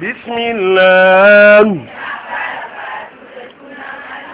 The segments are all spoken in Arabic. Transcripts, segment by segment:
بسم الله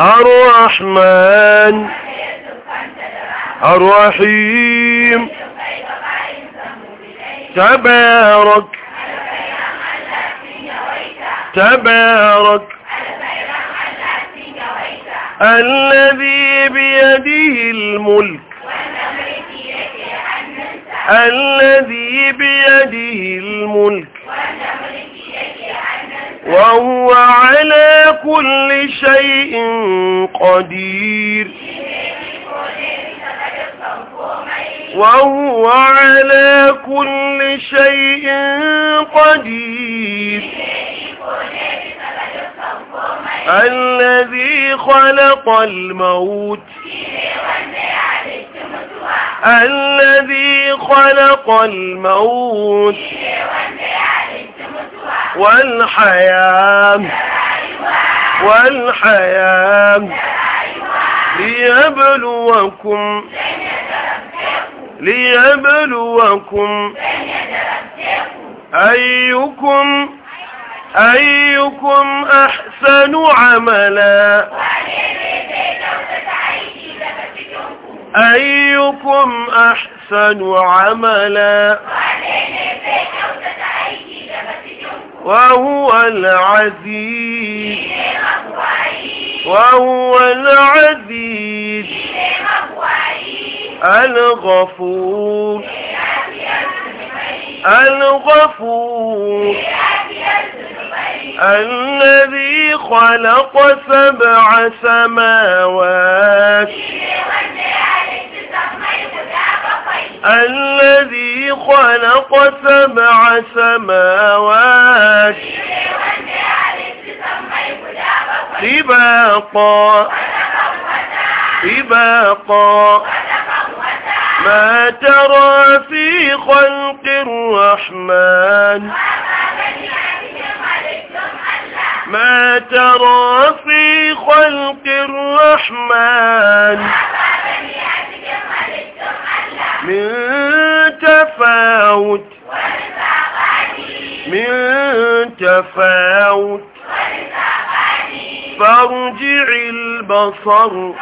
الرحمن الرحيم تبارك تبارك الذي بيده الملك الذي بيده الملك وهو على كل شيء قدير وهو على كل شيء قدير الذي خلق الموت الذي خلق الموت والحياة والحياة ليبلوكم ليبلوكم أيكم أيكم أحسن عملا أيكم أحسن عملا وهو العزيز وهو العزيز الغفور الغفور الذي خلق سبع سماوات الذي خلق سبع سماوات سباقا سباقا ما ترى في خلق الرحمن ما ترى في خلق الرحمن من تفاوت من تفاوت فارجع البصر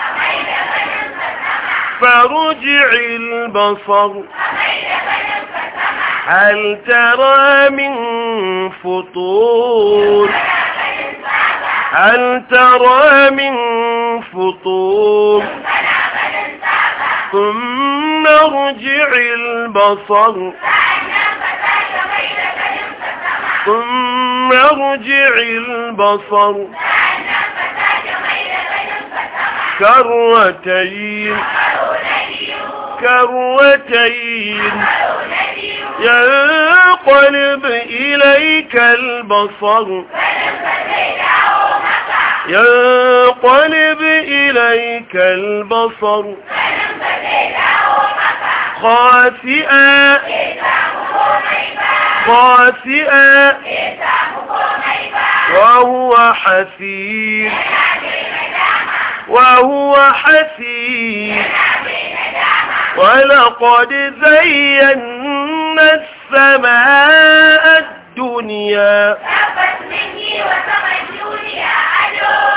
فارجع البصر هل ترى من فطور هل ترى من فطور ثم ثم ارجع البصر ثم ارجع البصر كرتين كرتين ينقلب إليك البصر ينقلب إليك البصر خاسئا خاسئا وهو حسير وهو حسير ولقد زينا السماء الدنيا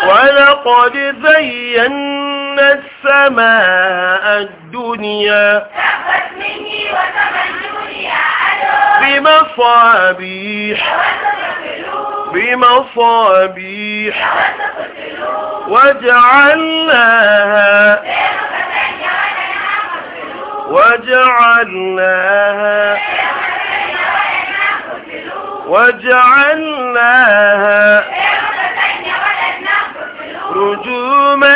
ولقد زينا السماء الدنيا بمصابيح بمصابيح وجعلناها وجعلناها وجعلناها رجوما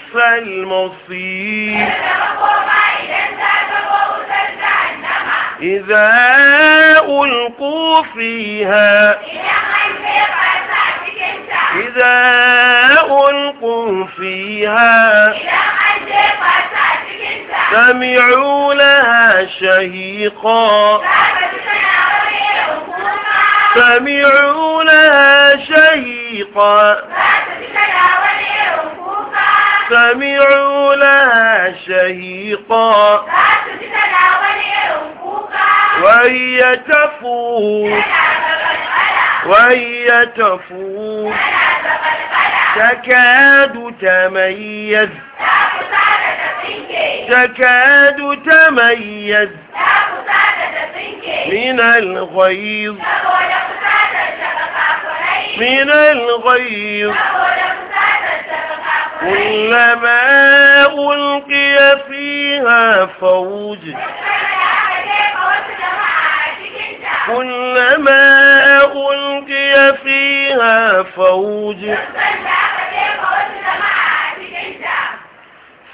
المصير إذا ألقوا فيها إذا ألقوا فيها سمعوا لها شهيقا سمعوا لها شهيقا سمعوا لها شهيقا وهي تفور وهي تفور تكاد تميز تكاد تميز من الغيظ من الغيظ كلما ألقي فيها فوج كلما ألقي فيها فوج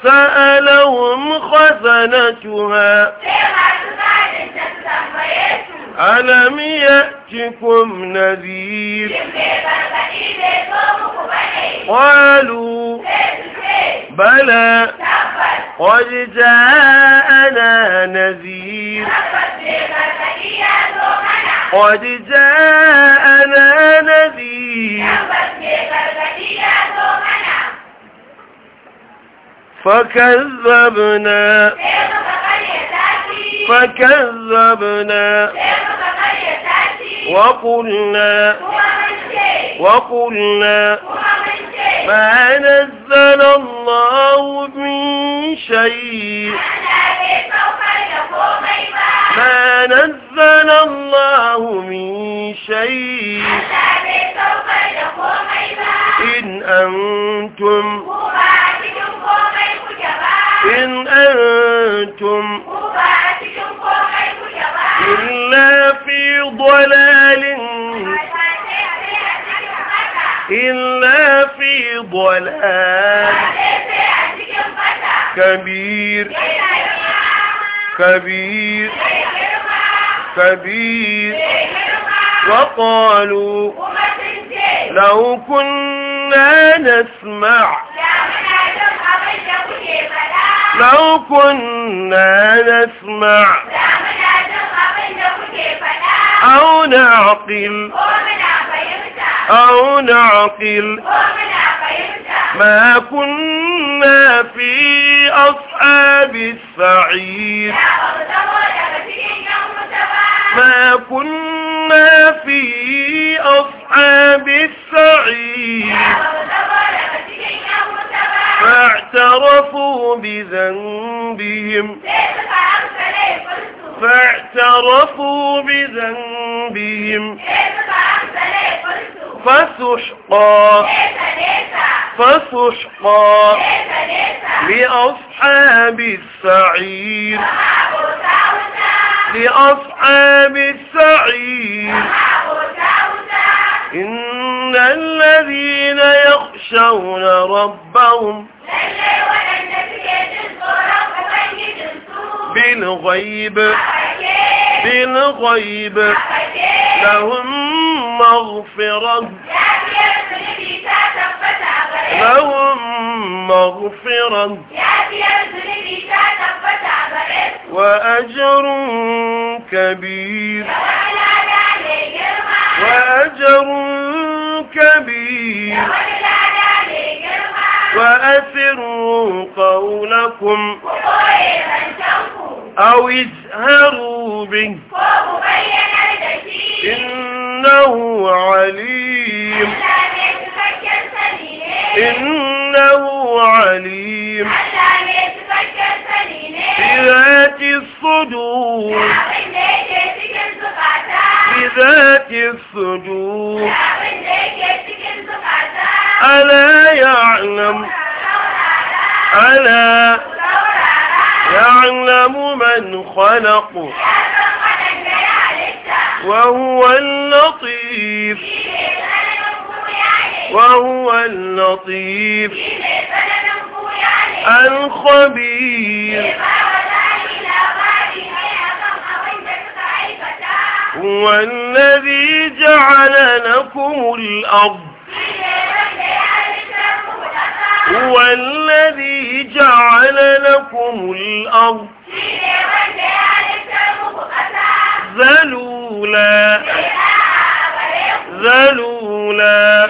سألهم خزنتها ألم يأتكم نذير قالوا بلى قد جاءنا نذير قد جاءنا نذير فكذبنا فكذبنا وقلنا وقلنا ما نزل الله من شيء ما نزل الله من شيء إن أنتم إن أنتم إلا في ضلال إلا غلام كبير كبير كبير وقالوا لو كنا نسمع لو كنا نسمع أو نعقل أو نعقل ما كنا في أصحاب السعير ما كنا في أصحاب السعير فاعترفوا بذنبهم فاعترفوا بذنبهم فسحقا فسحقا لأصحاب السعير لأصحاب السعير إن الذين يخشون ربهم بالغيب بالغيب لهم مغفرة لهم مغفرة وأجر كبير وأجر كبير وأسروا قولكم أو اجهروا به إنه عليم إنه عليم بذات الصدور بذات الصدور ألا يعلم ألا يعلم من خلق وهو اللطيف وهو اللطيف الخبير هو الذي جعل لكم الأرض هو الذي جعل لكم الأرض ذلولا ذلولا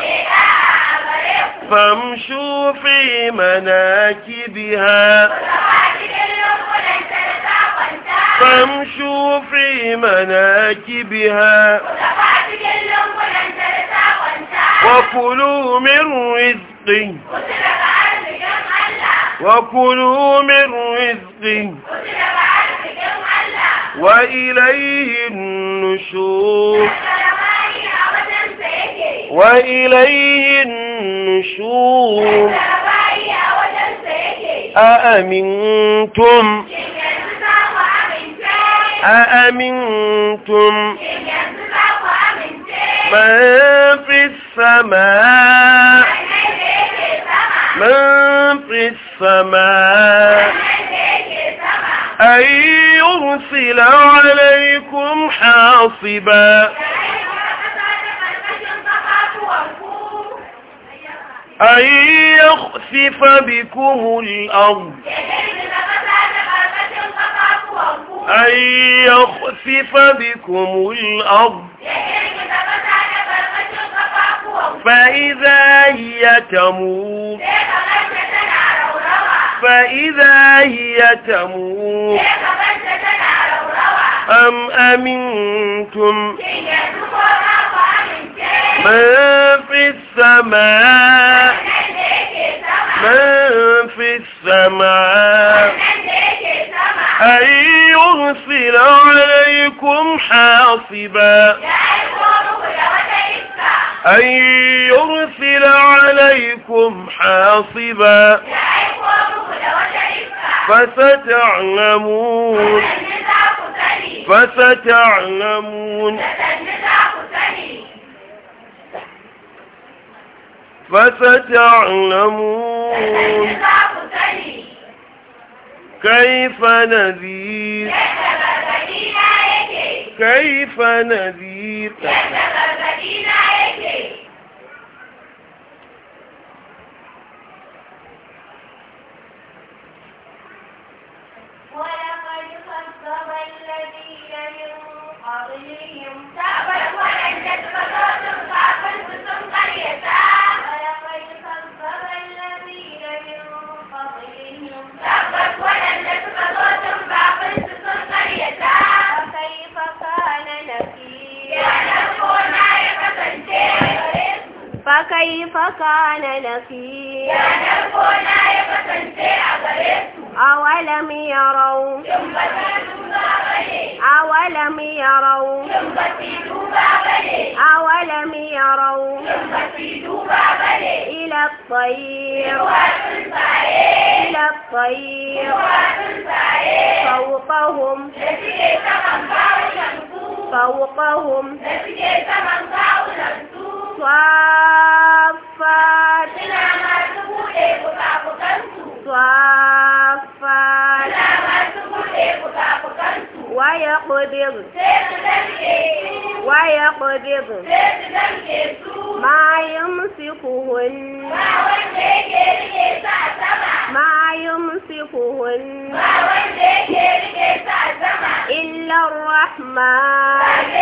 فامشوا في مناكبها فامشوا في مناكبها وكلوا من رزقي وكلوا من رزقي وإليه النشور وإليه النشور ينشون أأمنتم أأمنتم من في السماء من في السماء أن يرسل عليكم حاصبا أن يخسف بكم الأرض أن يخسف بكم الأرض فإذا هي تموت فإذا هي تموت أم أمنتم من السماء من في السماء أن يرسل عليكم حاصبا أن يرسل عليكم حاصبا فستعلمون فستعلمون فستعلمون كيف نذير كيف نذير ولقد كذب الذين من قبلهم تعبدون فكيف كان نكير يا نبونا يفتنسي أبريسو أولم يروا أولم يروا أولم يروا إلى الطير إلى الطير فوقهم فوقهم صافات ina masu bude fuka-fukansu صافات ina masu bude fuka-fukansu waya ƙudir sai su danke su waya ƙudir sai su danke su ma yamsikuhun ba wanda yake rike sa sama ma yamsikuhun ba wanda yake rike sa sama illa rahman ba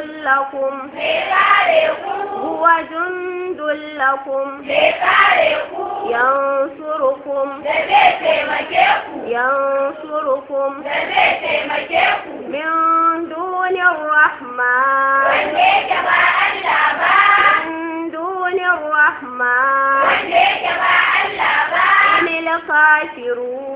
لكم هو جند لكم ينصركم ينصركم من دون الرحمن من دون الرحمن إن الكافرون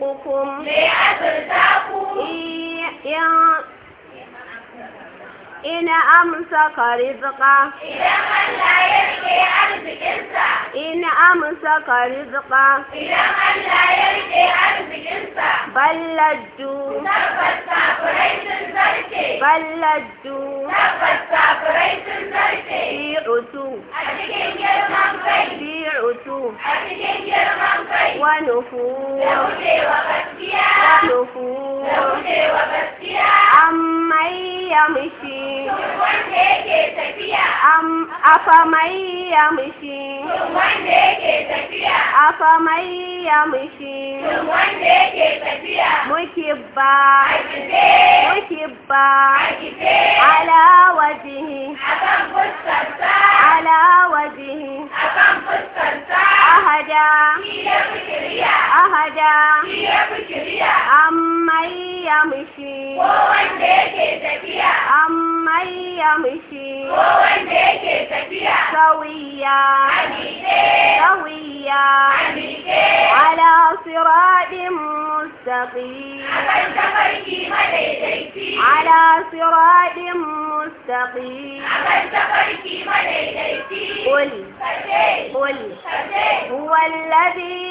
لأجزاكم لأجزاكم إن أمسك رزقه إذا من لا يلقي أرزقنسا إن أمسك رزقه إذا من لا يلقي أرزقنسا بل لجوا تبت كافرين الزركي بل لجوا تبت كافرين سنزرتي في عتو أتكين جرمان في عتو أتكين ونفور لوجي ونفور لوجي أما ya mishi wanda yake tafiya am afa mai ya mishi wanda tafiya afa mai ya mishi wanda yake tafiya muke ba ajibe muke ba ajibe ala wajihi akan fuskarsa ala wajihi akan fuskarsa ahada ya fikiriya ahada ya fikiriya am أمي يمشي أمي يمشي سويا سويا على صراط مستقيم على صراط مستقيم قل قل هو الذي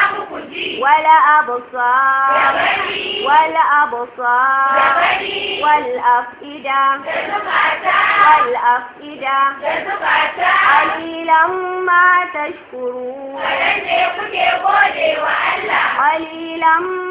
ولا أبصار ولا أبصار والأفئدة والأفئدة قليلا ما تشكرون قليلا ما تشكرون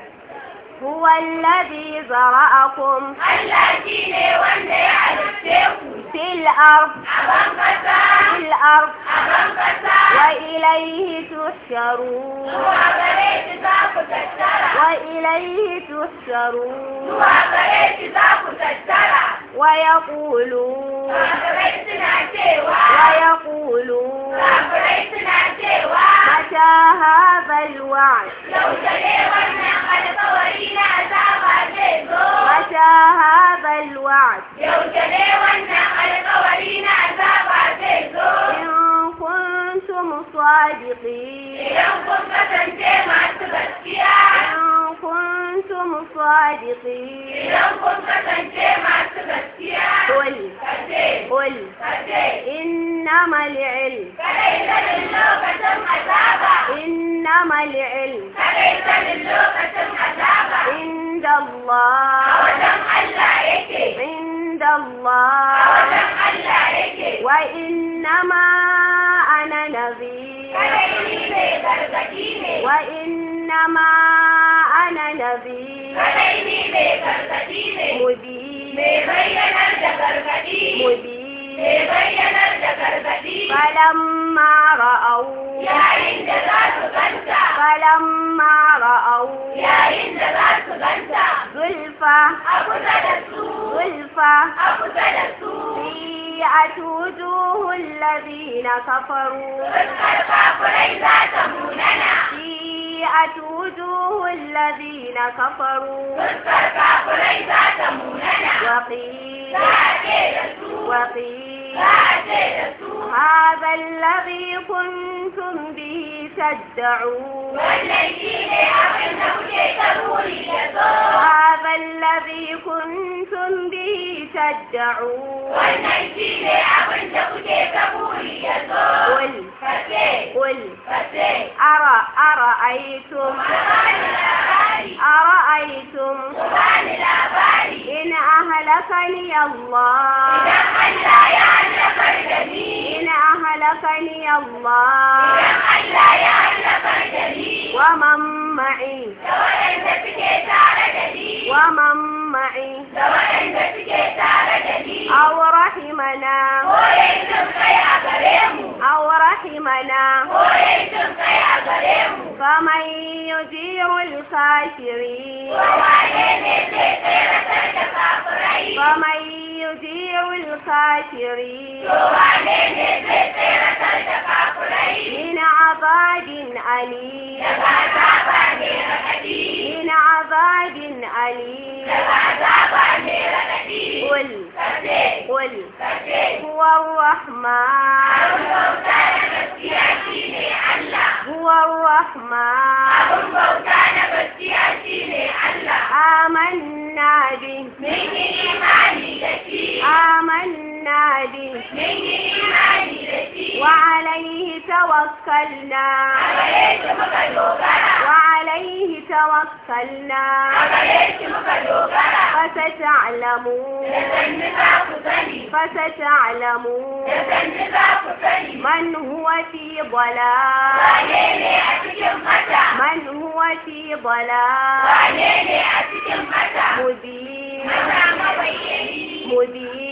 هو الذي زرعكم في الأرض في الأرض وإليه تحشرون وإليه تحشرون ويقولون ويقولون متى هذا الوعد الصادقين إذا كنت تنجي مع تبسيا قل قل إنما العلم فليس للغة عذابا إنما العلم فليس للغة عذابا عند الله عند الله وإنما أنا نذير وإنما نبی علیمی بے برکتی میں مدیر بے بیانر جبرکتی مدیر بے بیانر فلما رأوا يا عند ذات فلما رأوا يا عند ذات غنسا زلفا أبطل السوء زلفا أبطل السوء سيئت وجوه الذين كفروا تذكر كافرين ذات موننا سيئت وجوه الذين كفروا وقيل وقيل هذا الذي كنتم به تدعون هذا الذي كنتم به تدعون قل قل أرأ أرأيتم أرأيتم إن أهلكني الله إن أهلكني الله ومن معي ومن jama'in da waɗanda suke tare da ni aw rahimana ko yayi jin kai a gare mu aw rahimana ko yayi jin kai a gare mu faman yujiru al-kafirin wa wane ne zai tsere da kafirai faman yujiru al-kafirin wa wane ne zai tsere da kafirai min azabin alim daga azaba ne raɗaɗi min عذاب أليم قل قل هو الرحمن هو الرحمن آمنا به آمنا به توكلنا وعليه توكلنا فستعلمون فستعلمون من هو في ضلال من هو في ضلال مدير مدير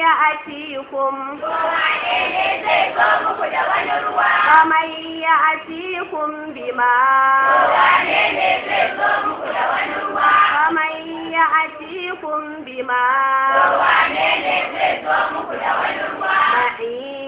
ya atikum kuma ne ne ya atikum bima kuma ne ne bima kuma ne ne zai